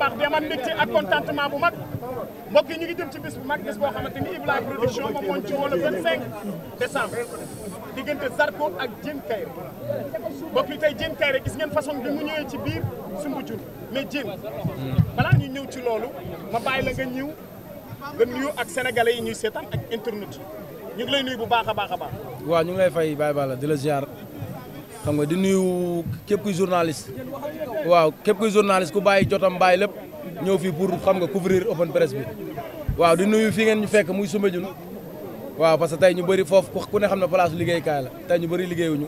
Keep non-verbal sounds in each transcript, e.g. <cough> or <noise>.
baax di amaat mbégte ak contentement bu mag mbokk yi ñu ngi jëm ci bis bu mag bis boo xamante ni Ibla production moom moo ci woo le 25 décembre diggante Zarko ak Diène Kaïré mbokk yi tey Diène rek gis ngeen façon bi mu ñëwee ci biir Soumbédioune mais Diène balaa ñu ñëw ci loolu ma bàyyi la nga ñëw nga nuyu ak sénégalais yi ñuy seetaan ak internet ñu ngi lay nuyu bu baax a baax a baax. waaw ñu ngi lay fay bàyyi baala la di la xam nga di nuyu képp kuy journaliste waaw képp kuy journaliste ku baay jotam bàyyi lépp ñëw fi pour xam nga couvrir open press bi waaw di nuyu fii ngeen ñu fekk muy Soumbédioune waaw parce que tey ñu bëri foofu ku ne xam ne place liggéeykaay la tey ñu bëri liggéeyuñu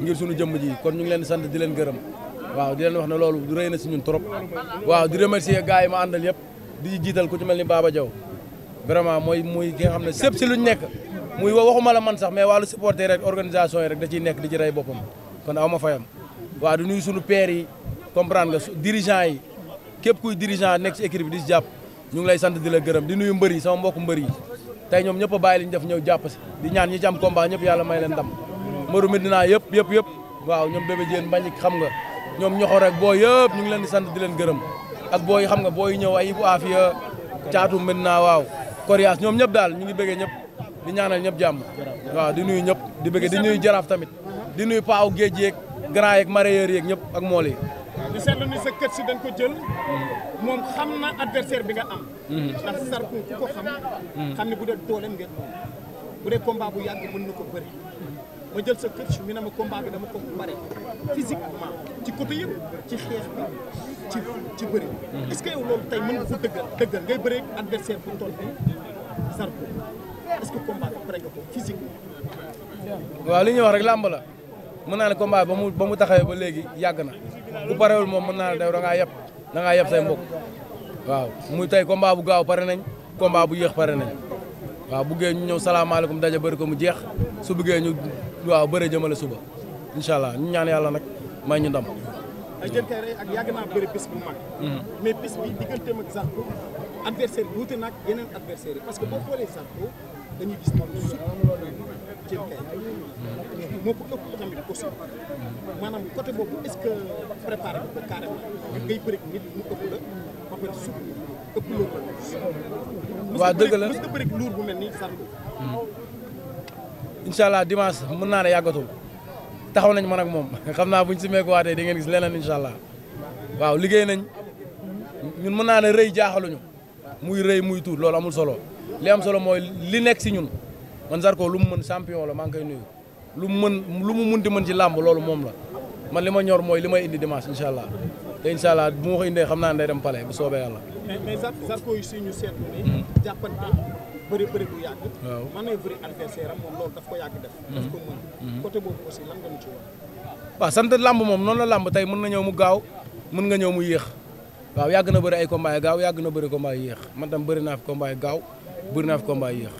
ngir suñu jëmm ji kon ñu ngi leen di sant di leen gërëm waaw di leen wax ne loolu du rëy na si ñun trop waaw di remercier gars yi ma àndal yëpp di jiital ku ci mel ni Baba Diaw vraiment mooy muy ki nga xam ne sëpp si luñ nekk muy waxuma la man sax mais wàllu supporter rek organisation yi rek da ciy nekk di ci rey kon aw ma fayam waaw du nuyu sunu père yi comprendre nga dirigeant yi képp kuy dirigeant nekk ci équipe bi di si jàpp ñu ngi lay sant di la gërëm di nuyu mbër yi sama mbokk mbëri yi tey ñoom ñëpp a bàyyi li def ñëw jàpp si di ñaan ñi ci am combat ñëpp yàlla may leen ndam mbëru Medina yëpp yëpp yëpp waaw ñoom bébé jéen bañik xam nga ñoom ñoxo rek boo yëpp ñu ngi leen di sant di leen gërëm ak boo yi xam nga booy yi ñëw ay Ibou Afia caatu Medina waaw Coriace ñoom ñëpp daal ñu ngi bëggee ñëpp di ñaanal ñëpp jàmm nuyu ñëpp di bëggee di nuyu jaraaf tamit di nuyu paaw géej yeeg grand yeeg mareyeur yeeg ñëpp ak mool yi. ñu seetlu ni si dañ ko jël. moom xam na adversaire bi nga am. Mm-hmm. ndax Zarko ku ko xam. Mm-hmm. xam ne bu dee dooleem ngeen moom bu dee mën na ko bëri. ma jël sa coach mi na ma combat dama ko bare physiquement ci côté yëpp ci xeex bi ci bëri mm-hmm. est-ce que loolu tey mën nga ko dëggal ngay bëree adversaire bu toll bi Zarko est-ce que combat bi pare nga waaw li ñuy wax rek làmb mën naa ne combat ba mu ba mu taxawee ba léegi yàgg na ku parewul moom mën naa ne da ngaa yeb da say mbokk waaw muy tey combat bu gaaw pare nañ combat bu yéex pare nañ waaw buggee ñu ñëw salaamaaleykum daje bëri ko mu jeex su buggee ñu waaw bëre jëmale suba incha allah ñu ñaan yàlla nag may ñu ndam. Diène Kaïré ak yàgg naa bëri bis bu mag. Hmm. mais bis bi digganteem ak Zarko adversaire bi wuute nag adversaire parce que boo xoolee Zarko dañuy gis moom suuf Diène Kaïré hmm. moo ko ëpp tamit aussi maanaam côté boobu est que préparé dëgg la mës nga bëri luur hmm. mën naa ne yàggatul taxaw nañ man ak moom <laughs> xam naa buñ si meekuwaatee di e gis leneen incha allah waaw liggéey nañ ñun mën naa ne rëy jaaxaluñu muy rëy muy tuut loolu amul solo li am solo mooy li nekk si ñun man Zarko lu mu mën champion la maa ngi koy nuyu. lu mu mën lu mu mën di mën ci làmb loolu moom la man li ma ñor mooy li may indi dimanche incha allah te incha allah bu ma xam naa ne day dem palais bu soobee yàlla. mais mais hmm. waaw manœuvre hmm. hmm. sant làmb moom noonu la làmb tey mën na ñëw mu gaaw mën nga ñëw mu yéex waaw yàgg na bëri ay combat gaaw yàgg na bëri combat yu yéex man tam bëri naa fi combat gaaw bëri naa fi combat yu yéex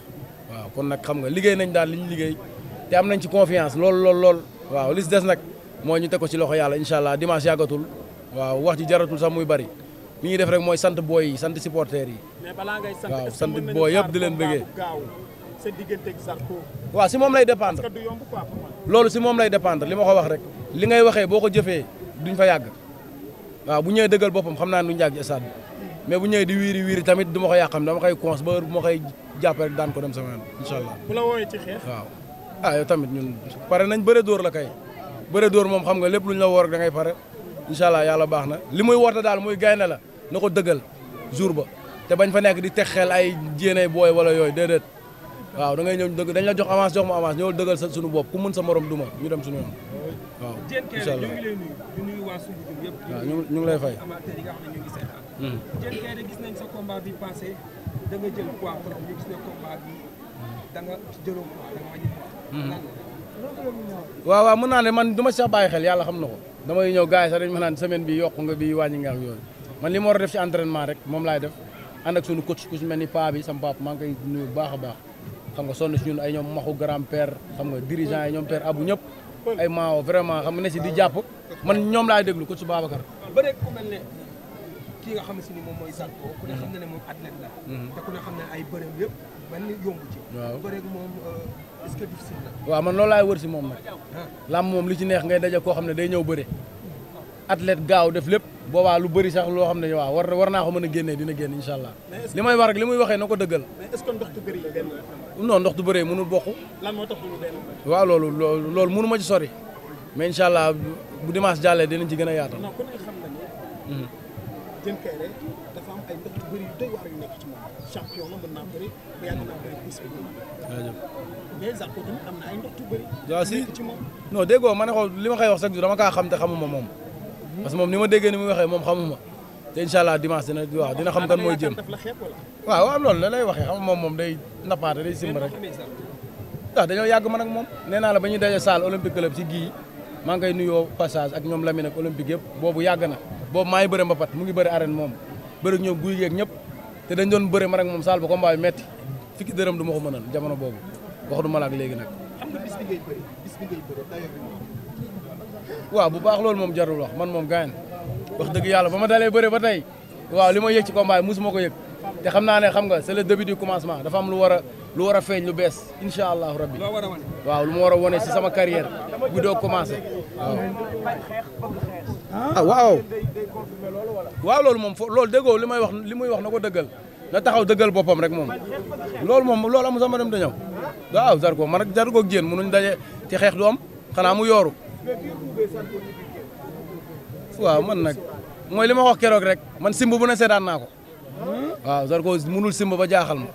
waaw kon nag xam nga liggéey nañ daal li liggéey te am nañ ci confiance loolu lool lool waaw li si des nag mooy ñu teg ko ci loxo yàlla incha allah dimanche yàggatul waaw wax ji jaratul sax muy bari li ñuy def rek mooy sant booy yi sant supporters yi. waaw sant booy yëpp di leen bëggee. waaw si moom lay dépendre. loolu si moom lay dépendre li ma ko wax rek. li ngay waxee boo ko jëfee duñ fa yàgg waaw bu ñëwee dëggal boppam xam naa ne duñ yàgg ci stade bi bu ñëwee di wiir wiiri tamit du ma ko yàqam dama koy cons ba heure bu ma koy jàpp rek daan ko ah yow tamit ñun pare nañ bëre door la kay bëre dóor moom xam nga lépp lu ñu la woor da ngay pare incha allah yàlla baax na li muy woote daal muy gaynde la na ko dëggal jour ba te bañ fa nekk di teg xel ay jéenay booy wala yooyu déedéet waaw da ngay ñëw dëgg dañ la jox avance jox ma avance ñëw dëggal sa suñu bopp ku mën sa morom duma ñu dem suñu yoon waaw lay fay. Mhm. waaw waaw mën naa ne man du ma sax bàyyi xel yàlla xam na ko damay ñëw gars yi sax dañ ma naan semaine bi yokk nga bi wàññi nga ak yooyu man li ma war a def ci entraînement rek moom laay def ànd ak sunu coach ku si mel ni paa bi sama papa maa ngi koy nuyu baax a baax xam nga sonn si ñun ay ñoom maxu grand père xam nga dirigeant ay ñoom père abu ñëpp ay maawo vraiment xam nga ne si di jàpp man ñoom laay déglu coach Babacar kii nga xam ne si ni moom mooy Zarko ku ne mhm. xam na ne la mhm. te ku ay bëreem yëpp benn yombu ci waaw euh, que waaw man loolu laay wër si moom nag ah. làmb moom li ci neex ngay daje koo xam ne day ñëw bëre athlète gaaw def lépp boobaa lu bëri sax loo xam ne waaw war war naa ko mën a génnee dina génn incha allah li may wax rek li muy waxee na ko dëggal mais est-ce que ndox du bëri benn non bëree mënul bokk lan moo tax lu benn waaw loolu loolu mënu ma ci sori mais incha allah bu dimanche jàllee dinañ ci gën a yaatal Diène Kaïré dafa am mais Zarko na ay ndox yu bëri waaw si ci moom ma ne ko li ma koy wax sax dama kaa xam te xamuma moom parce moom ni ma déggee ni muy waxee moom xamuma te incha allah na dina waaw dina xam kan mooy jëm waaw waaw loolu la lay waxee xam moom moom day nappaate day simb rek waaw ah, dañoo yàgg man ak moom nee naa la ba ñuy daje salle olympique club ci gii maa ngi koy nuyoo passage ak ñoom Lamine ak olympique yëpp boobu yàgg na boobu maa ngi bëre mbapat mu ngi bëre arène moom bëre ñoom guy geeg ñëpp dañ doon bëre man ak moom saal ba combat bi metti fiki dërëm du ma ko mënal jamono boobu wax du malaak léegi nag waaw bu baax loolu moom jarul wax man moom gaañ wax dëgg yàlla ba ma dalee bëre ba tey waaw li ma yëg ci combat bi mosuma ko yëg te xam naa ne xam nga c'est le début du commencement dafa am lu war a lu war a feeñ lu bees incha allahu rabbi waaw lu ma war a wone si sama carrière bu doo commencé waaw ah waaw waaw loolu moom fo loolu déggoo li may wax li muy wax na ko dëggal na taxaw dëggal boppam rek moom loolu moom loolu amul sama dem dañëw waaw Zarko man ak Zarko Diène mënuñ daje ci xeex du am xanaa mu yooru waaw man nag mooy li ma wax keroog rek man simb bu ne seetaan naa ko waaw Zarko mënul simb ba jaaxal ma.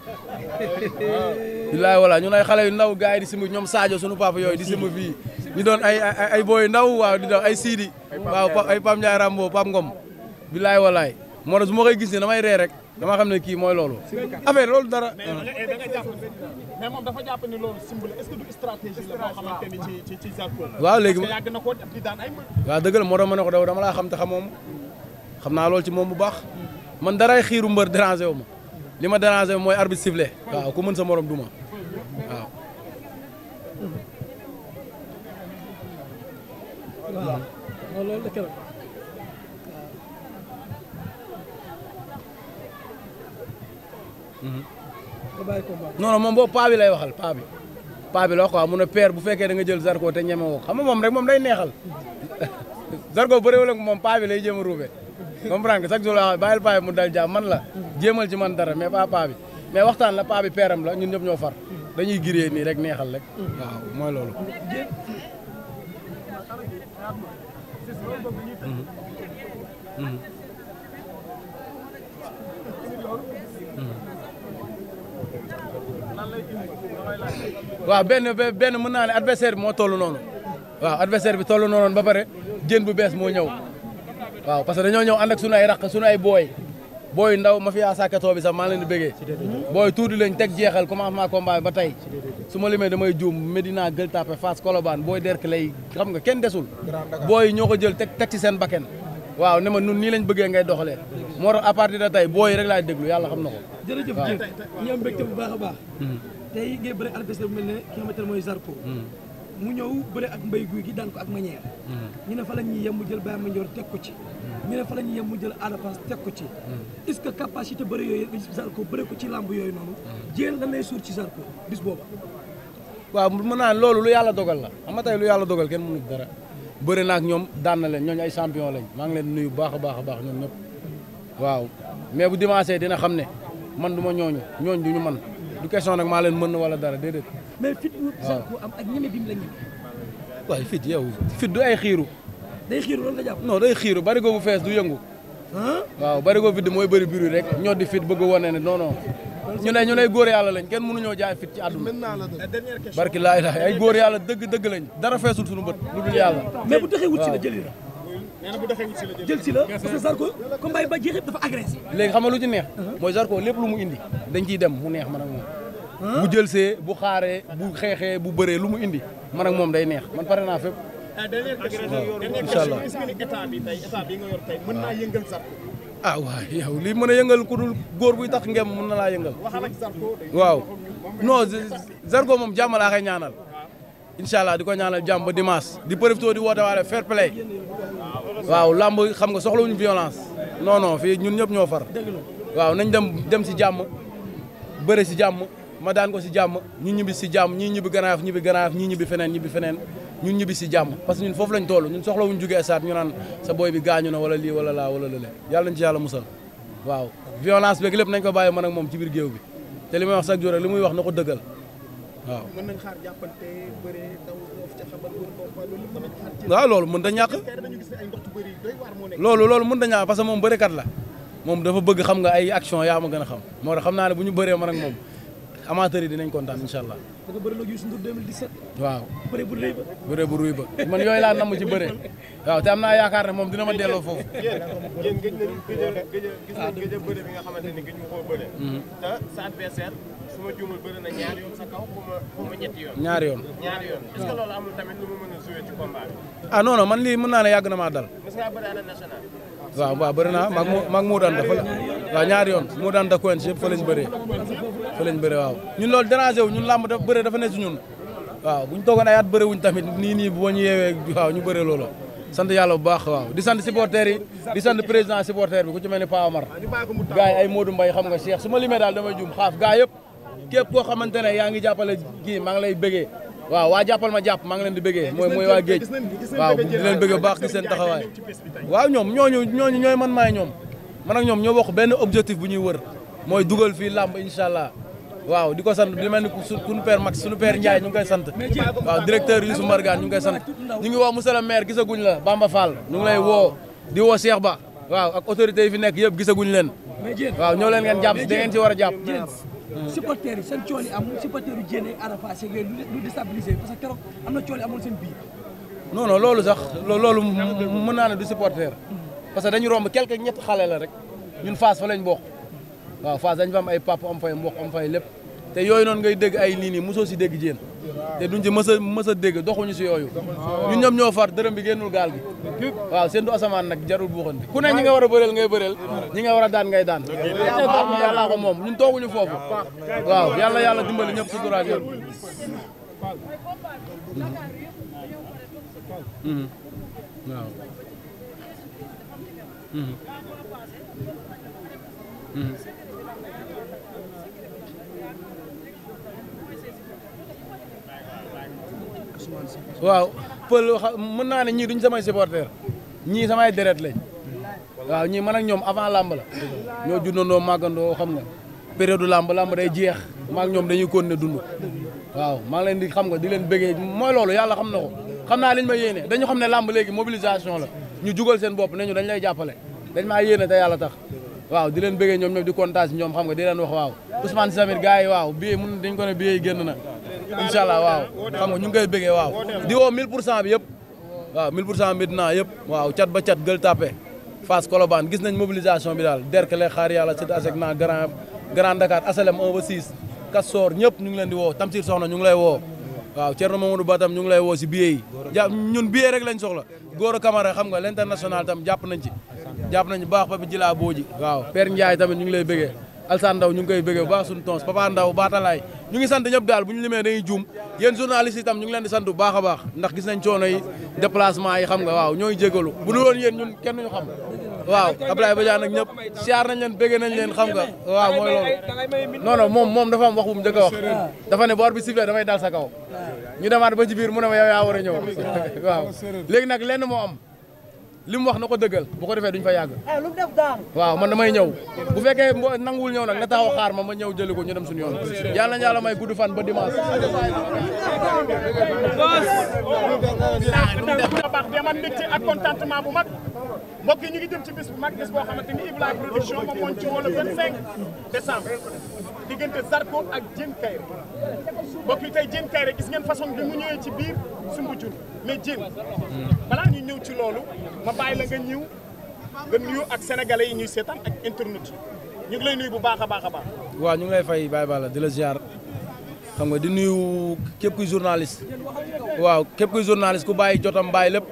billaay wala ñun ay xale yu ndaw gars yi di simb ñoom Sadio sunu papa yooyu di simb fii ñu doon ay ay booy ndaw waaw di doon ay Sidi. waaw ay Pam Ndiaye Rambo Pam Ngom. billaay walaay moo tax su ma koy gis ne damay ree rek dama xam ne kii mooy loolu. affaire loolu dara. mais da nga jàpp mais moom dafa jàpp ni na ko di daan ay ma ne ko daw dama laa xam te xamoo ma xam naa loolu ci moom bu baax. man dara xiiru mbër dérangé wu ma li ma dérangé mooy arbitre sifflé waaw ku mën sa morom duma waaw. waaw loolu dëgg moom boobu paa bi lay waxal paa bi. paa bi la wax quoi mu ne bu fekkee da nga jël Zarko te ñeme woo xam nga moom rek moom day neexal <laughs> Zarko bëriwul ak moom paa bi lay jéem a ruube. comprendre nga chaque jour la ah, bàyyil paa bi mu dal jàmm man la jéemal ci man dara mais pas paa bi mais waxtaan la paa bi peeram la ñun ñëpp ñoo far dañuy giree nii rek neexal rek waaw mooy loolu waaw benn benn mën naa ne adversaire bi moo toll noonu waaw adversaire bi toll noonu ba pare jën bu bees moo ñëw waaw parce que dañoo ñëw ànd ak sunu ay raq sunu ay booy booy ndaw ma fiyaa sàkkatoo bi sax maa leen di bëggee booy tuuti lañ teg jeexal commencement combat bi ba tey su ma limee damay juum Medina Gueule Tapée Fass Colobane booy derk lay xam nga kenn desul booy ñoo ko jël teg teg ci seen bakken waaw ne ma nun nii lañ bëggee ngay doxalee moo tax à partir tey booy rek laay déglu yàlla xam na ko jërëjëf ñu am mbégte bu baax baax hmm. tey ngay bëri adversaire bu mel ne ki nga mu ñëw bëre ak mbay guy gi daan ko ak manière mm-hmm. ñu ne fa la ñuy yem mu jël ma Mandior teg ko ci mm-hmm. ñu ne fa la ñuy yem mu jël teg ko ci mm-hmm. est-ce que capacité bëre yooyu Zarko bëre ko ci làmb yooyu noonu jéen lan lay suur ci Zarko bis booba waaw mën naa loolu lu yàlla dogal la xam lu yàlla dogal kenn mënu dara bëri na ak ñoom daan na leen ay champion lañ maa ngi leen nuyu baax a baax baax ñoom ñëpp waaw mais bu dimanche dina xam ne man du ma ñooñu ñooñ du ñu man du question nag maa leen mën wala dara déedéet mais fit bu Zarko am ak ñeme bi mu la fit yow fit du ay xiiru. day xiiru loolu nga jàpp. non day xiiru barigo bu fees du yëngu. waaw barigo vide mooy bëri biir rek ñoo di fit bëgg a wane ne non non. ñu ne ñu ne ay góor yàlla lañ kenn mënuñoo jaay fit ci àdduna. barki laay laay ay góor yàlla dëgg dëgg lañ dara feesul suñu bët lu dul yàlla. mais bu taxee wut si la jëli la. nee na bu taxee si la jël si la parce que Zarko combat yi ba jeex dafa agressé. léegi xam nga lu ci neex. Uh-huh. mooy Zarko lépp lu mu indi dañ ciy dem mu neex man ak moom bu jëlsee bu xaaree bu xeexee bu bëree lu mu indi ma ak moom day meex man pare naa fépp. Ah, incha allah état bi tey état bi yëngal Zarko. Ah, ku dul góor buy tax ngem mën na laa yëngal. waaw non Zarko moom jàmm laa koy ñaanal. incha allah di ko ñaanal jàmm ba dimanche di profité di woote waale fair play waaw làmb xam nga soxlawuñu violence non non ñun ñëpp ñoo far waaw nañ dem dem si jàmm bëre si jàmm. ma daan ko si jàmm ñu ñibbi si jàmm ñii ñibbi ganaaf ñibbi ganaaf ñii ñibbi feneen ñibbi feneen ñun ñibbi si jàmm parce que ñun foofu lañ toll ñun soxlawuñ jógee esaat ñu naan sa booy bi gaañu na wala lii wala laa wala lële yàlla nañ ci yàlla musal waaw violence beeg lépp nañ ko bàyyi man ak moom ci biir géew bi te li may wax chaque jour rek li muy wax na ko dëggal waaw. mën nañ xaar jàppante loolu mën nañ xaar ci. waaw loolu loolu loolu mën da ñàkk parce que moom bërekat la moom dafa bëgg xam nga ay action yaa ma gën a xam moo tax xam naa ne bu ñu bëree man ak moom amateurs yi dinañ kontaan incha allah. da nga bëri nag Youssou Ndour 2017. waaw bëre bu rëy ba. bëre bu rëy bëre. te am naa yaakaar ne moom dina ma delloo foofu. yéen yéen yoon sa ah, man lii mën naa ne yàgg na maa dal. mës ngaa bëri arène nationale. waaw waaw bëri naa maag moo maag moo daan da waaw ñaari yoon moo daan da koen yëpp fa lañ bëre waaw ñun loolu dérangé wu ñun làmb dafa bëre dafa ne si ñun waaw bu ñu toogoon ay at bëre wuñ tamit nii nii boo ñu yeewee waaw ñu bëre loolu sant yàlla bu baax waaw di sant supporters yi di sant président supporter bi ku ci mel ni Pa Omar gars yi ay Modou Mbaye xam nga Cheikh su ma limee daal damay juum xaaf gars yëpp képp koo xamante ne yaa ngi jàppale kii maa ngi lay bëggee waaw waa jàppal ma jàpp maa ngi leen di bëggee mooy mooy waa géej waaw di leen bëgg baax gis seen taxawaay waaw ñoom ñooñu ñooñu ñooy man maay ñoom man ñoom ñoo bokk benn objectif bu ñuy wër mooy dugal fii làmb incha allah waaw di ko sant di mel ni suñu père Max suñu père Ndiaye koy sant waaw directeur Youssou Mbargane ñu ngi koy sant ñu ngi woo monsieur le maire la Bamba Fall ñu ngi woo di woo Cheikh Ba waaw ak autorités yi fi nekk yëpp gisaguñ leen waaw ñëw leen ngeen jàpp da ngeen ci war a jàpp supporters yi seen cool yi am supporters yu jéene Arafa Cheikh que am na cool yi amoon seen biir loolu sax loolu mën naa ne du supporter parce que dañu romb quelque ñett xale la rek ñun Fass fa lañ bokk waaw Fass dañ fa am ay pap am fay mboq am fay lépp te yooyu noonu ngay dégg ay lii nii mosoo si dégg jéen te duñ ci mës a mës a dégg doxuñu si yooyu ñun ñoom ñoo far dërëm bi génnul gaal gi waaw seen du asamaan nag jarul buuxante ku ne ñi nga war a bëreel ngay bëreel ñi nga war a daan ngay daan toog na yàllaa ko moom ñun tooguñu foofu waaw yàlla yàlla dimbali ñëpp suturaak yoon mhm. waaw mhm. waaw pël wax mën naa ne ñii duñ samay supporter ñii samay deret lañ waaw ñii man a ñoom avant làmb la ñoo juddandoo màggandoo xam nga période làmb làmb day jeex ma ak ñoom dañuy continuer dund waaw maa leen di xam nga di leen bëggee mooy loolu yàlla xam na ko xam naa liñ ma yéene dañu xam ne làmb léegi mobilisation la ñu jugal seen bopp ne ñu dañ lay jàppale dañ maa yéene te yàlla tax waaw di leen bëggee ñoom ñoom di kontaan ñoom xam nga di leen wax waaw Ousmane Samir gars yi waaw billet mun dañ ko ne billet na incha waaw xam nga ñu ngi koy bëggee waaw di woo 1000 pour cent bi yëpp waaw 1000 pour cent bi dinaa yëpp waaw cat ba cat gël tàppe Fass gis nañ mobilisation bi daal derkle xaar yàlla sit asek na grand grand Dakar asalem 1 ba 6 Kassor ñëpp ñu ngi leen di woo Tamsir Soxna ñu ngi lay woo waaw Thierno Mamadou Ba tam ñu ngi lay woo si billet yi ñun billet rek lañ soxla Gora Camara xam nga l'international tam jàpp nañ ci jàpp nañu baax Pape Jila Booji waaw Père Ndiaye tamit ñu ngi lay bëggee Alsane Ndaw ñu ngi koy baa bu baax suñu tons Papa Ndaw Batalaay ñu ngi sant ñëpp daal bu ñu limee dañuy juum yéen journalistes yi tam ñu ngi leen di sant bu baax baax ndax gis nañ coono yi déplacement yi xam nga waaw ñooy jégalu bu dul woon yéen ñun kenn ñu xam waaw Ablaye Badiane nag ñëpp siyaar nañ leen bëggee nañ leen xam nga waaw mooy loolu moom moom dafa am wax bu mu njëkk a wax dafa ne boor bi sifflé damay dal sa kaw ñu demaat ba ci biir mu ne ma yow yaa war a ñëw waaw léegi nag lenn moo am li mu wax na ko dëggal bu ko defee duñ fa yàgg eh, waaw man damay ñëw bu fekkee nanguwul ñëw nag na taxaw xaar ma ma ñëw jëli ko ñu dem suñu yoon yàlla na yàlla may gudd fan ba dimanche baax de man mbégte ak contentement bu mag mbokk ñu ngi jëm ci bis bu mag bis boo xamante ni Ibrahima production moom moo ci wala 25 décembre diggante Zarko ak Diène Kaïré mbokk tey Diène Kaïré gis ngeen façon bi mu ñëwee ci biir sumbu jun mais Diène balaa ñu ñëw ci loolu ma bàyyi la nga ñëw nga ak sénégalais yi ñuy seetaan ak internet yi ñu ngi lay nuyu bu baax a baax a baax waaw ñu ngi lay fay bàyyi bala ji la ziar xam nga di nuyu képp kuy journaliste waa képp kuy journaliste ku bàyyi jotam bàyyi lépp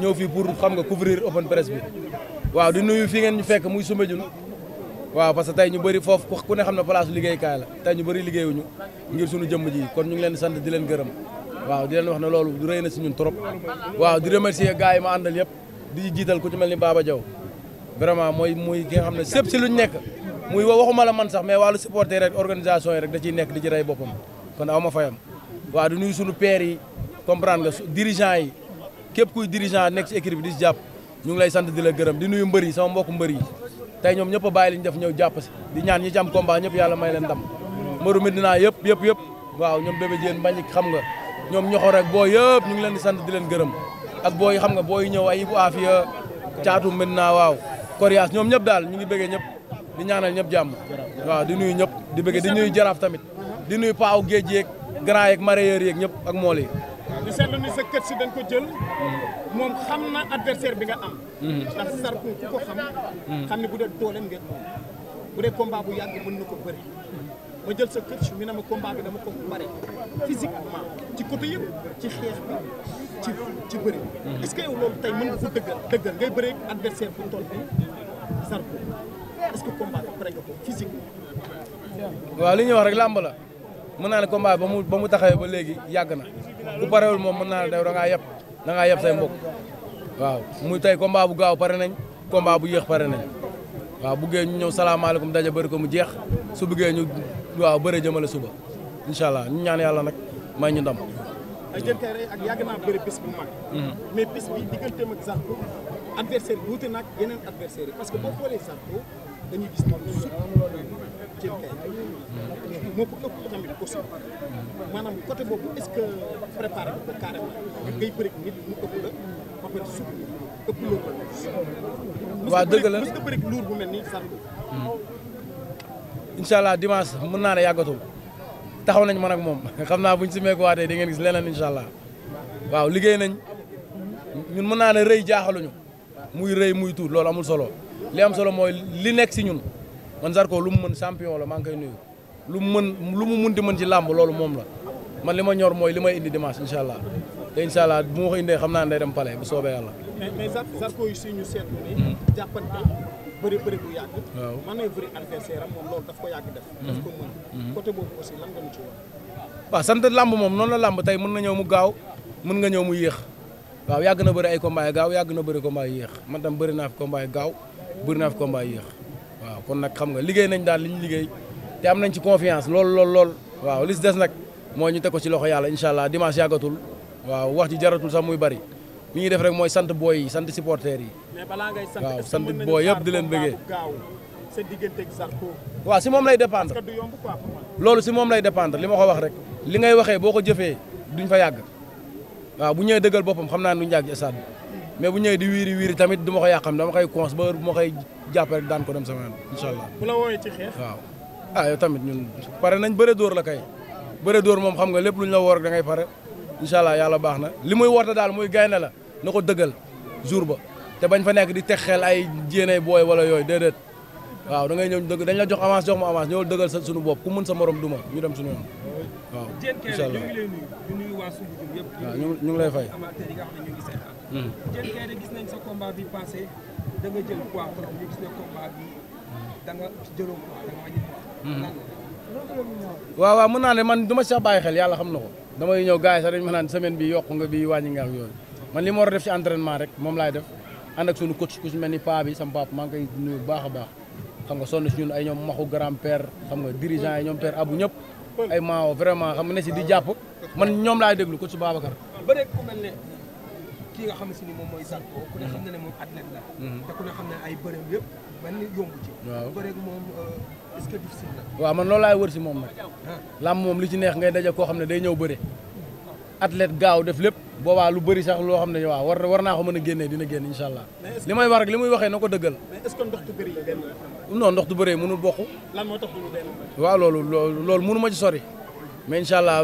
ñëw fii pour xam nga couvrir open presse bi waaw di nuyu fii ngeen ñu fekk muy Soumbédioune waaw parce que tey ñu bëri foofu ku ne xam ne place liggéeykaay la tey ñu bëri liggéeyuñu ngir suñu jëmm ji kon ñu ngi leen sant di leen gërëm waaw di leen wax ne loolu rëy na si ñun trop waaw di remercier gars yi ma àndal yëpp di jiital ku ci mel ni Baba Diaw vraiment mooy muy ki nga xam ne sëpp si luñ nekk muy waxuma la man sax mais wàllu supporter rek organisation yi rek da ciy nekk di ci rey boppam kon aw ma fayam waaw di nuyu suñu père yi comprendre nga yi képp kuy dirigeant nekk si équipe bi di si jàpp ñu ngi lay sant di gërëm di nuyu mbër yi sama mbokk mbër yi tey ñoom ñëpp a bàyyi li def ñëw jàpp si di ñaan ñi ci ñëpp yàlla may leen ndam mbëru Medina yëpp yëpp yëpp waaw ñoom bébé jéen mbañik xam nga ñoom ñoxo rek boo yëpp ñu ngi leen di sant di leen gërëm ak boo booy xam nga booy ñëw ay bu caatu Medina waaw Coriace ñoom ñëpp daal ñu ngi bëggee ñëpp di ñaanal ñëpp jàmm waaw di nuyu ñëpp di bëggee di nuyu jaraaf tamit di nuyu paaw géej yeeg grand yeeg mareyeur yeeg ñëpp ak mool ñu seetlu ni sa kët si dañ ko jël moom xam na adversaire bi nga am ndax Zarko ku ko xam xam ni bu dee dooleem ngeen moom bu dee combat bu yàgg mën na ko bëri ma jël sa kët mi ne ma combat bi dama ko pare physiquement ci côté yëpp ci xeex bi ci ci bëri est-ce loolu tey mën nga ko dëggal dëggal ngay bëri adversaire bu toll bi Zarko est-ce que combat bi pare nga ko physiquement waaw li ñuy wax rek làmb la mën naa ne combat ba mu ba mu taxawee ba léegi yàgg na ku parewul moom mën naa da ngaa yeb da ngaa yeb say mbokk waaw muy tey combat bu gaaw pare nañ combat bu yéex pare nañ waaw buggee ñu ñëw salaamaaleykum daje bëri ko mu jeex su buggee ñu waaw bëre jëmale suba incha allah ñu ñaan yàlla nag may ñu ndam. jën kay rey ak yàgg naa bëri bis bu mag. Mhm. mais bis bi digganteem ak Zarko adversaire bi wuute nag yeneen adversaire yi parce que boo xoolee Zarko dañuy gis moom suuf jën kay moo ko ëpp tamit aussi maanaam côté boobu la luur bu mel nii hmm. mën naa ne yàggatul nañ man ak moom <laughs> xam naa buñ ñu meekuwaatee di ngeen gis leneen incha allah waaw liggéey nañ ñun mën naa ne rëy jaaxaluñu muy rëy muy tuut loolu amul solo li am solo mooy li nekk si ñun man Zarko lu mu mën champion la maa ngi koy nuyu. lu mu mën lu mu mun di mën ci làmb loolu moom la man li ma ñor mooy li may indi dimanche incha allah te incha allah bu ma xam naa ne day dem pale bu soobee yàlla. mais mais Zarko hmm. waaw manœuvre hmm. hmm. làmb moom noonu la làmb tey mën na ñëw mu gaaw mën nga ñëw mu yéex waaw yàgg na bëri ay combat gaaw yàgg na bëri combat yu yéex man tam bëri naa fi combat gaaw bëri naa fi combat yu yéex waaw kon nag xam nga liggéey nañ daal li ñu liggéey te am nañ ci confiance lool loolu lool waaw li si des nag moo ñu teg ko ci loxo yàlla incha allah dimanche yàggatul waaw wax ji jaratul sax muy bari li ñuy def rek mooy sant booy yi sant supporters yi. waaw sant booy yëpp di leen bëggee. waaw si moom lay dépendre. loolu si moom lay dépendre li ma ko wax rek. li ngay waxee boo ko jëfee duñ fa yàgg waaw bu ñëwee dëggal boppam xam naa ne duñ yàgg ci stade bu ñëwee di wiiri wiiri tamit du ma ko yàqam dama koy cons ba heure bu ma koy jàpp rek daan ko dem ah yow tamit ñun pare nañ bëre door la kay bëre dóor moom xam nga lépp lu ñu la woor da ngay pare incha allah yàlla baax na li muy woote daal muy gaynde la na ko dëggal jour ba te bañ fa nekk di teg xel ay jéenay booy wala yooyu déedéet waaw da ngay ñëw dëgg dañ la jox avance jox ma avance ñëw dëggal sa suñu bopp ku mën sa morom duma ñu dem suñu yoon ñu ñu ngi lay fay. Hmm. gis waaw waaw mën naa ne man du ma sax bàyyi xel yàlla xam na ko damay ñëw gars yi sax dañu ma naan semaine bi yokk nga bi wàññi nga ak yooyu man li ma war a def ci entraînement rek moom laay def ànd ak suñu coach ku ci mel ni paa bi sama papa maa nuyu baax a baax xam nga sonn si ñun ay ñoom maxu grand père xam nga dirigeant yi ñoom père abu ñëpp ay maawo vraiment xam nga ne si di jàpp man ñoom laay déglu coach Babacar kii nga xam ne si ni moom mooy Zarko ku ne xam ne ne moom la mhm. te ku ne xam ne ay bëreem yëpp benn waaw euh, que waaw man loolu laay wër si moom nag ah. làmb moom li ci neex ngay daje koo xam ne day ñëw bëre athlète gaaw def lépp boobaa lu bëri sax loo xam ne waaw war war naa ko mën a génnee dina génn incha allah li may wax rek li muy waxee na ko dëggal non ndox du bëree mënul bokk waaw loolu loolu mënu ma ci sori mais incha allah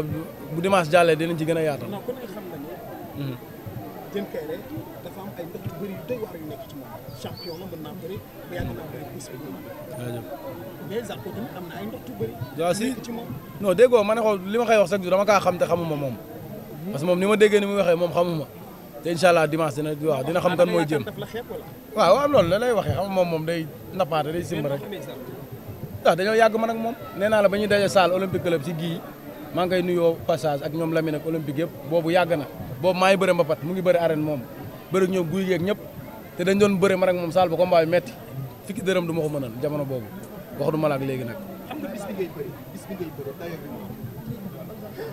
bu dimanche jàllee dinañ ci gën a yaatal Diène Kaïré dafa am ay ndox yu bëri yu doy waar yu nekk ci moom champion la mën naa bëri ba yàgg naa bëri plus bi mais Zarko tamit am na ay ndox yu bëri waaw si ci moom non déggoo ma ne ko li ma koy wax chaque dama kaa xam te xamuma moom parce moom ni ma déggee ni waxee moom xamuma te incha allah dimanche dina waaw dina xam kan mooy jëm waaw waaw loolu la lay waxee xam moom moom day nappaate day rek waaw dañoo yàgg man ak moom nee naa la ba ñuy daje salle olympique club si gii maa ngi koy nuyoo passage ak ñoom Lamine ak olympique yëpp boobu yàgg na boobu maa ngi bëre mbapat mu ngi bëre arène moom bëre ñoom guy geeg ñëpp te dañ doon bëre ma rek moom saal ba combat bi metti fikki dërëm du ma ko mënal jamono boobu wax du ma ak léegi nag.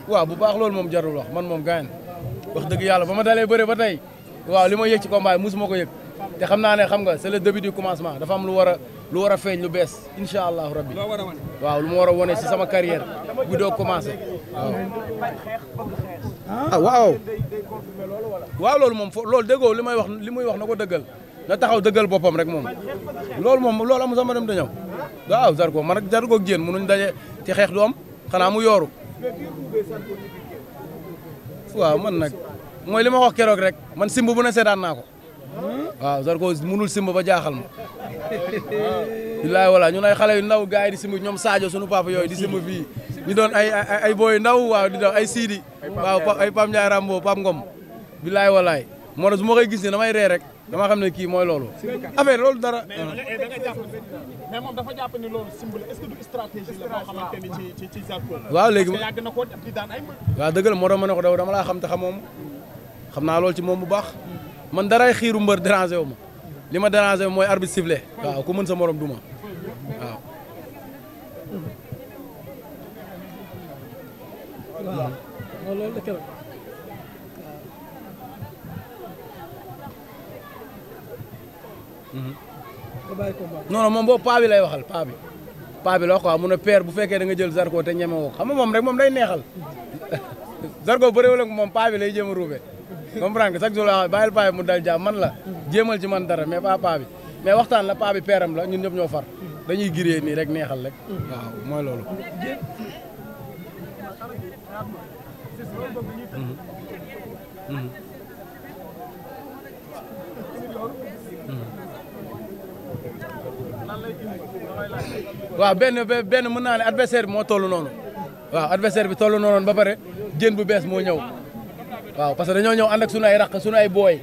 waaw bu baax loolu moom jarul wax man moom gaañ wax dëgg yàlla ba ma dalee bëre ba tey waaw li ma yëg ci combat bi mosuma ko yëg te xam naa ne xam nga c'est le début du commencement dafa am lu war a lu war a feeñ lu bees incha allahu rabbi waaw lu ma war a wone si sama carrière bu doog commencé waaw. ah waaw. waaw loolu moom fo loolu déggoo li may wax li muy wax na ko dëggal na taxaw dëggal boppam rek moom loolu moom loolu amul sama dem da ñëw waaw Zarko man ak Zarko ak Diène mënuñ daje ci xeex du am xanaa mu yooru waaw man nag mooy li ma wax keroog rek man simb bu ne seetaan naa ko. waaw Zarko munul simb ba jaaxal ma. bilaay wala ñun ay xale yu ndaw gars yi di simb ñoom Sadio sunu papa yooyu di simb fii ñu doon ay ay ay booy di ay Sidi. waaw ay Pam Ndiaye Rambo Pam Ngom. bilaay walaay moo tax su ma koy gis ne damay ree rek dama xam ne kii mooy loolu. affaire loolu dara. mais da nga eh, jàpp mais moom dafa jàpp na koo def di daan ma ne ko daw dama laa xam te xamoom xam naa loolu ci moom bu baax. man dara xiiru mbër dérangé wu ma li ma dérangé wu mooy arbitre sifflé waaw ku mën sa morom duma waaw. waaw loolu moom boobu paa bi lay waxal paa bi bi la wax quoi mu ne bu fekkee da nga jël Zarko te ñeme woo xam nga moom rek moom day neexal <laughs> Zarko bëriwul ak moom paa bi lay jéem a ruube. comprendre nga chaque jour waaw bàyyil paa bi mu dal jàmm man la jéemal ci man dara mais pas paa bi mais waxtaan la paa bi peeram la ñun ñëpp ñoo far dañuy giree nii rek neexal rek waaw mooy loolu waaw benn benn mën naa ne adversaire bi moo toll noonu waaw adversaire bi toll noonu ba pare jën bu bees moo ñëw waaw parce que dañoo ñëw ànd ak sunu ay raq sunu ay booy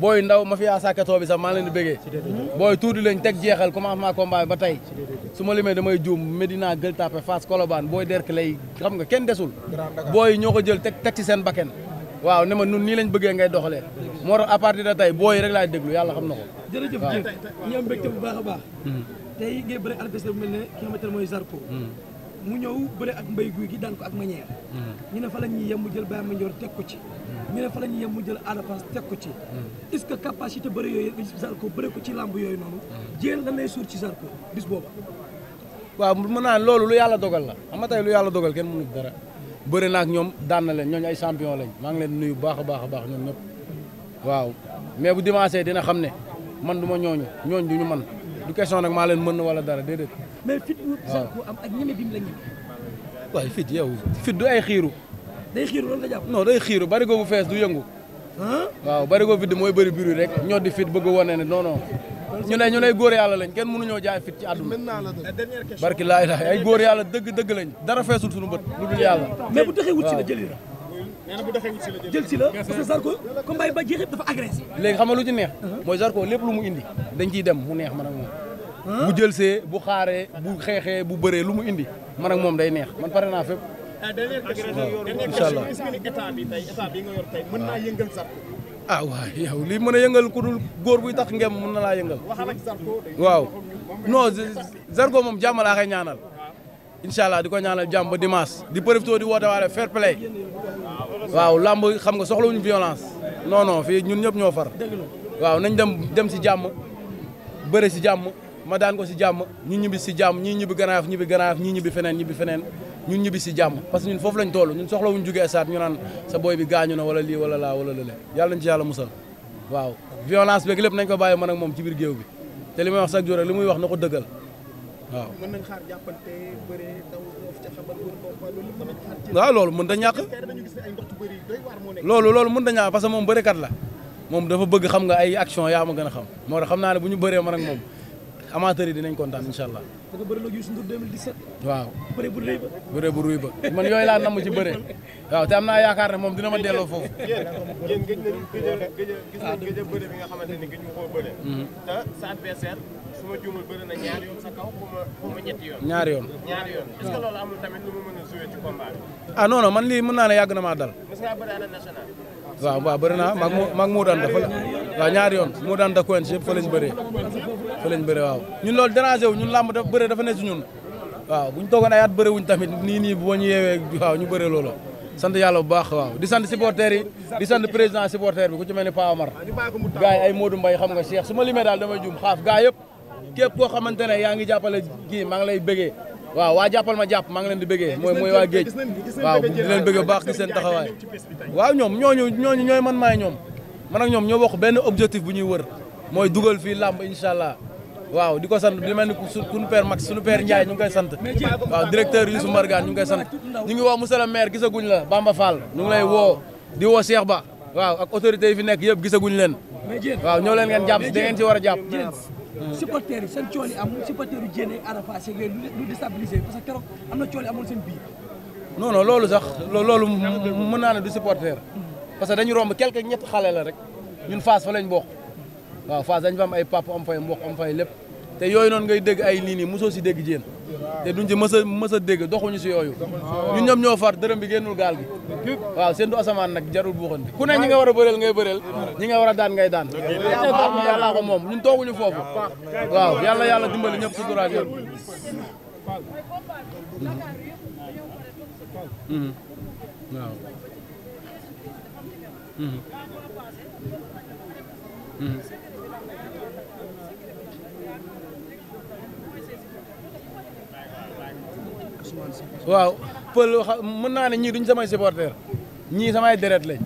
booy ndaw ma fiyaa sàkkatoo bi sax maa leen di bëggee booy tuuti lañ teg jeexal commencement combat bi ba tey su ma limee damay juum Medina Gueule Tapée Fass Colobane booy derk lay xam nga kenn desul booy ñoo ko jël teg teg ci seen bakken waaw ne ma nun nii lañ bëggee ngay doxalee moo tax à partir de tey booy rek laay déglu yàlla xam na ko hmm. tey ngay bëri adversaire bu mel ne ki mooy Zarko hmm. mu ñëw bëre ak mbay guy gi daan ko ak manière mm-hmm. ñu ne fa la ñuy yem mu jël ma Mandior teg ko ci mm-hmm. ñu ne fa la ñuy yem mu jël Ada Fass teg ko ci mm-hmm. est-ce que capacité bëre yooyu Zarko bëre ko ci làmb yooyu noonu jéen lan lay suur ci Zarko bis boobu waaw mën naa loolu lu yàlla dogal la xam nga tey lu yàlla dogal kenn mënu dara bëri na ak ñoom daan na leen ay champion lañ maa ngi leen nuyu baax baax a baax ñoom ñëpp waaw mais bu dimanche dina xam ne man du ma ñooñu ñooñ ñu man du question nag maa leen mën wala dara déedéet. mais fit am ak ñeme yow fit du ay xiiru. day xiiru loolu nga jàpp. day xiiru barigo bu fees du yëngu. waaw barigo vide mooy bëri biir rek ñoo di fit bëgg a wane ne non non. ñu ne ñu ne ay yàlla lañ kenn mënuñoo jaay fit ci àdduna. barki laa ilaaha ay góor yàlla dëgg dëgg lañ. dara feesul suñu bët lu dul yàlla. la jëli jël si la parce que Zarko combat yi ba jeex yëpp léegi xam nga lu ci neex. mooy Zarko lépp lu mu indi dañ ciy dem mu neex man nag moom. bu jël see bu xaaree bu xeexee bu bëree lu mu indi man ak moom day neex man pare naa fépp. Ah, incha allah état bi tey mën naa yëngal Zarko. ah waaw yow lii mën a yëngal ku dul góor buy tax ngem mën na laa yëngal. waaw non Zarko moom jàmm laa ñaanal. incha allah di ko ñaana jàmm ba dimanche di profité di woote waale fair waaw làmb xam nga soxlawuñu violence non non fii ñun ñëpp ñoo far waaw nañ dem dem si jàmm bëre si jàmm ma daan ko si jàmm ñu ñibbi si jàmm ñii ñibbi ganaaf ñibbi ganaaf ñii ñibbi feneen ñibbi feneen ñun ñibbi si jàmm parce que ñun foofu lañ toll ñun soxlawuñu jugee saat ñu naan sa booy bi gaañu na wala lii wala laa wala lële yàlla nañ ci yàlla musal waaw violence beeg lépp nañ ko bàyyi man ak moom ci biir géew bi li may wax chaque jour li muy wax na ko dëggal waaw mën nañ xaar jàppante bëre daw loolu mun nañ xaar ci waaw loolu loolu mun mën da ñàkk parce que moom bërekat la moom dafa bëgg xam nga ay action yaa ma gën a xam moo xam naa ne bu ñu bëree man ak moom amateurs yi dinañ kontaan incha allah. da nga bëri waaw bëree bu rëy ba. bëree bu rëy ba ci bëre. waaw te am naa yaakaar ne moom dina ma delloo foofu. yéen yéen hmm. yoon sa man lii mën naa ne yàgg na maa dal. mës ngaa bëri arène nationale. waaw waaw bëri naa maag moo daan dafa waaw ñaari yoon moo daan da koen si yëpp fa lañ bëre waaw ñun loolu dérangé wu ñun làmb dafa bëre dafa ne si ñun waaw bu ñu toogoon ay bëre wuñ tamit nii nii boo ñu yeewee waaw ñu bëre loolo sant yàlla bu baax waaw di sant supporters yi di sant président supporter bi ku ci mel ni Pa Omar gars yi ay Modou Mbaye xam nga Cheikh su ma limee daal damay juum xaaf gars yëpp képp koo xamante ne yaa ngi jàppale kii maa ngi lay bëggee waaw waa jàppal ma jàpp maa ngi leen di bëggee mooy mooy waa géej waaw di baax gis seen taxawaay waaw ñoom ñooñu ñooñu ñooy man maay ñoom man ak ñoom ñoo bokk benn objectif bu ñuy wër mooy dugal fii làmb incha allah waaw di ko sant di mel ni suñu père Max suñu père Ndiaye sant waaw directeur Youssou Mbargane ñu ngi koy sant ñu ngi woo monsieur le maire gisaguñ la Bamba Fall ñu ngi di woo Cheikh Ba waaw ak autorités yi fi nekk yëpp gisaguñ leen waaw ñëw leen ngeen jàpp si da ngeen si war a jàpp supporters yi cool yi am supporters yu jéene Arafa Cheikh yooyu lu déstabilisé parce que keroog am na cool yi amul seen biir non non loolu sax loolu mën naa ne du supporter parce que dañu romb quelque ñett xale la rek ñun Fass fa lañ bokk waaw Fass dañ fa am ay papa am fay mbokk am fay lépp te yooyu noonu ngay dégg ay nii nii mosoo si dégg jéen te duñ ci mës a mës a si yooyu ah. ñun ñoom ñoo far dërëm bi génnul gaal gi waaw seen du asamaan nag jarul buuxan bi ku ne ñi nga war a bëreel ngay bëreel ñi nga war a daan ngay daan daan yàllaa ko moom ñun tooguñu foofu waaw yàlla yàlla dimbali ñëpp suturaak yoon hmm. waaw hmm. Hmm. waaw pël mën naa ne ñii duñ samay supporter ñii samay deret lañ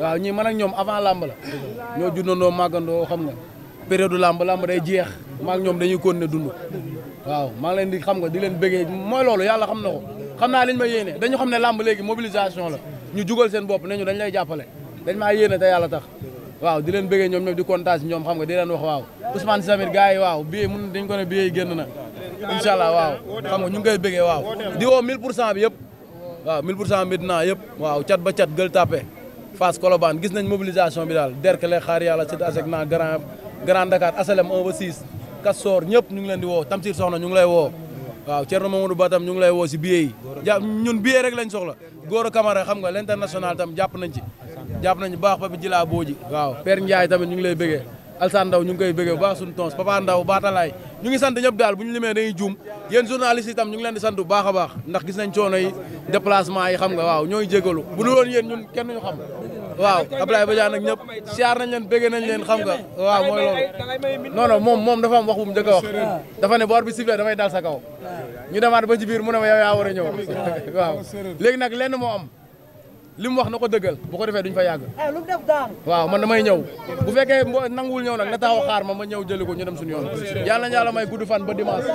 waaw ñii man ak ñoom avant làmb la ñoo juddandoo màggandoo xam nga période làmb làmb day jeex maak ñoom dañuy continuer dund waaw maa leen di xam nga di leen bëggee mooy loolu yàlla xam na ko xam naa liñ ma yéene dañu xam ne làmb léegi mobilisation la ñu jugal seen bopp ne ñu dañ lay jàppale dañ maa yéene te yàlla tax waaw di leen bëggee ñoom ñoom di kontaan ñoom xam nga di leen wax waaw incha allah waaw xam nga ñu ngi koy bëggee waaw di woo 1000 pour cent bi yëpp waaw 1000 pour cent bi dinaa yëpp waaw cat ba cat gël tapé Fass Colobane gis nañ mobilisation bi daal Derklé xaar yàlla ci asek na grand grand Dakar asalem 1 ba 6 Kastoor ñëpp ñu ngi leen di woo Tamsir soxna ñu ngi lay woo waaw Thierno Mamadou Ba tam ñu ngi lay woo si billet yi ja ñun billet rek lañ soxla Gora Camara xam nga l' international tam jàpp nañ ci jàpp nañ baax ba bi jilaa boo ji waaw Père Ndiaye ñu ngi lay bëggee Alsaan Ndaw ñu ngi koy bëggee bu baax suñu tons Papa Ndaw Batalaay ñu ngi sant ñëpp daal bu ñu limee dañuy juum yéen journalistes yi tam ñu ngi leen di sant bu baax baax ndax gis nañ coono yi déplacement yi xam nga waaw ñooy jégalu bu dul woon yéen ñun kenn ñu xam waaw Ablaye Badiane nag ñëpp siyaar nañ leen bëggee nañ leen xam nga waaw mooy loolu non non moom moom dafa wax bu mu njëkk a wax dafa ne boor bi sifflé damay dal sa kaw ñu demaat ba ci biir mu ne ma yow yaa war a waaw léegi nag lenn moo am li mu wax na ko dëggal bu ko defee duñ fa yàgg. Eh, lu mu def daal. waaw man damay ñëw bu fekkee nanguwul ñëw nag na taxaw xaar ma ma ñëw jëli ko ñu dem suñu yoon yàlla na yàlla may gudd fan ba dimanche.